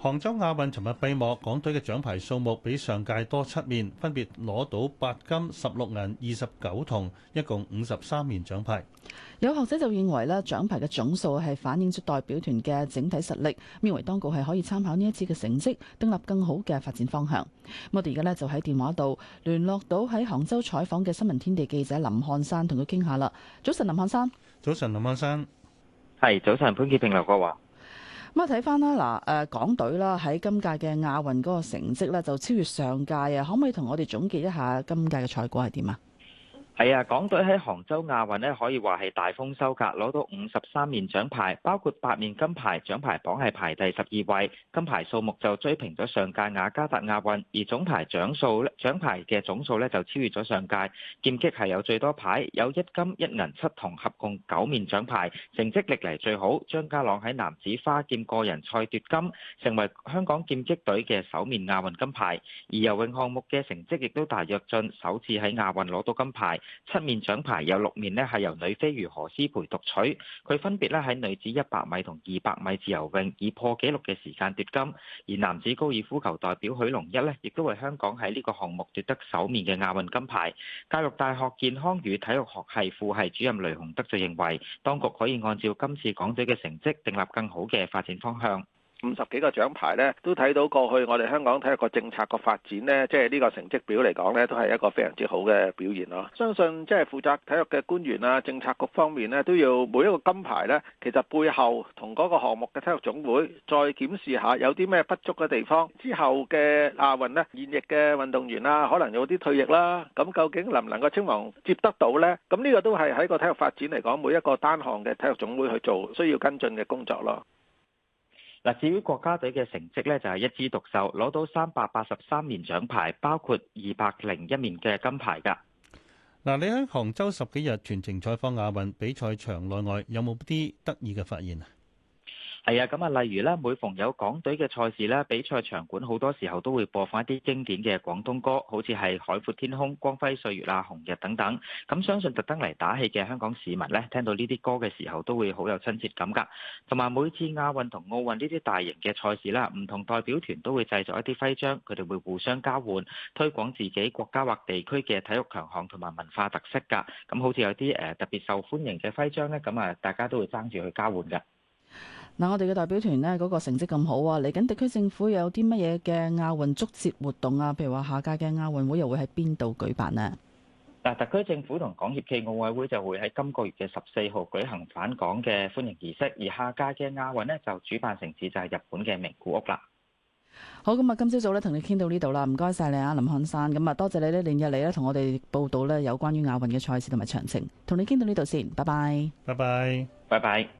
杭州亞運尋日閉幕，港隊嘅獎牌數目比上屆多七面，分別攞到八金、十六銀、二十九銅，一共五十三面獎牌。有學者就認為呢，獎牌嘅總數係反映出代表團嘅整體實力，認為當局係可以參考呢一次嘅成績，訂立更好嘅發展方向。我哋而家呢就喺電話度聯絡到喺杭州採訪嘅新聞天地記者林漢山，同佢傾下啦。早晨，林漢山。早晨，林漢山。係，早晨，潘潔平、劉國華。咁啊，睇翻啦，嗱，誒港隊啦，喺今屆嘅亞運嗰個成績咧就超越上屆啊，可唔可以同我哋總結一下今屆嘅賽果係點啊？係啊，港隊喺杭州亞運呢可以話係大豐收噶，攞到五十三面獎牌，包括八面金牌，獎牌榜係排第十二位，金牌數目就追平咗上屆雅加達亞運，而總牌獎數獎牌嘅總數呢就超越咗上屆，劍擊係有最多牌，有一金一銀七銅，合共九面獎牌，成績歷嚟最好。張家朗喺男子花劍個人賽奪金，成為香港劍擊隊嘅首面亞運金牌，而游泳項目嘅成績亦都大躍進，首次喺亞運攞到金牌。七面獎牌有六面咧，係由女飛魚何詩蓓奪取，佢分別咧，喺女子一百米同二百米自由泳以破紀錄嘅時間奪金，而男子高爾夫球代表許龍一咧，亦都為香港喺呢個項目奪得首面嘅亞運金牌。教育大學健康與體育學系副系主任雷洪德就認為，當局可以按照今次港隊嘅成績訂立更好嘅發展方向。五十幾個獎牌咧，都睇到過去我哋香港體育個政策個發展咧，即係呢個成績表嚟講咧，都係一個非常之好嘅表現咯。相信即係負責體育嘅官員啊、政策局方面咧，都要每一個金牌咧，其實背後同嗰個項目嘅體育總會再檢視下有啲咩不足嘅地方。之後嘅亞運咧，現役嘅運動員啊，可能有啲退役啦，咁究竟能唔能夠青黃接得到呢？咁呢個都係喺個體育發展嚟講，每一個單項嘅體育總會去做需要跟進嘅工作咯。嗱，至於國家隊嘅成績咧，就係一枝獨秀，攞到三百八十三面獎牌，包括二百零一面嘅金牌噶。嗱，你喺杭州十幾日，全程採訪亞運比賽場內外，有冇啲得意嘅發現啊？係啊，咁啊、哎，例如咧，每逢有港隊嘅賽事咧，比賽場館好多時候都會播放一啲經典嘅廣東歌，好似係《海闊天空》、《光輝歲月》啦、《紅日》等等。咁相信特登嚟打氣嘅香港市民咧，聽到呢啲歌嘅時候，都會好有親切感噶。同埋每次亞運同奧運呢啲大型嘅賽事啦，唔同代表團都會製作一啲徽章，佢哋會互相交換，推廣自己國家或地區嘅體育強項同埋文化特色噶。咁好似有啲誒特別受歡迎嘅徽章咧，咁啊，大家都會爭住去交換噶。嗱，我哋嘅代表團咧，嗰、嗰個成績咁好啊！嚟緊特區政府有啲乜嘢嘅亞運足節活動啊？譬如話下屆嘅亞運會又會喺邊度舉辦呢？嗱，特區政府同港協暨奧委會就會喺今個月嘅十四號舉行返港嘅歡迎儀式，而下屆嘅亞運呢就主辦城市就係日本嘅名古屋啦。好，咁啊，今朝早咧同你傾到呢度啦，唔該晒你啊，林漢山。咁啊，多謝你咧，連日嚟呢，同我哋報道呢有關於亞運嘅賽事同埋詳情。同你傾到呢度先，拜拜，拜拜，拜拜。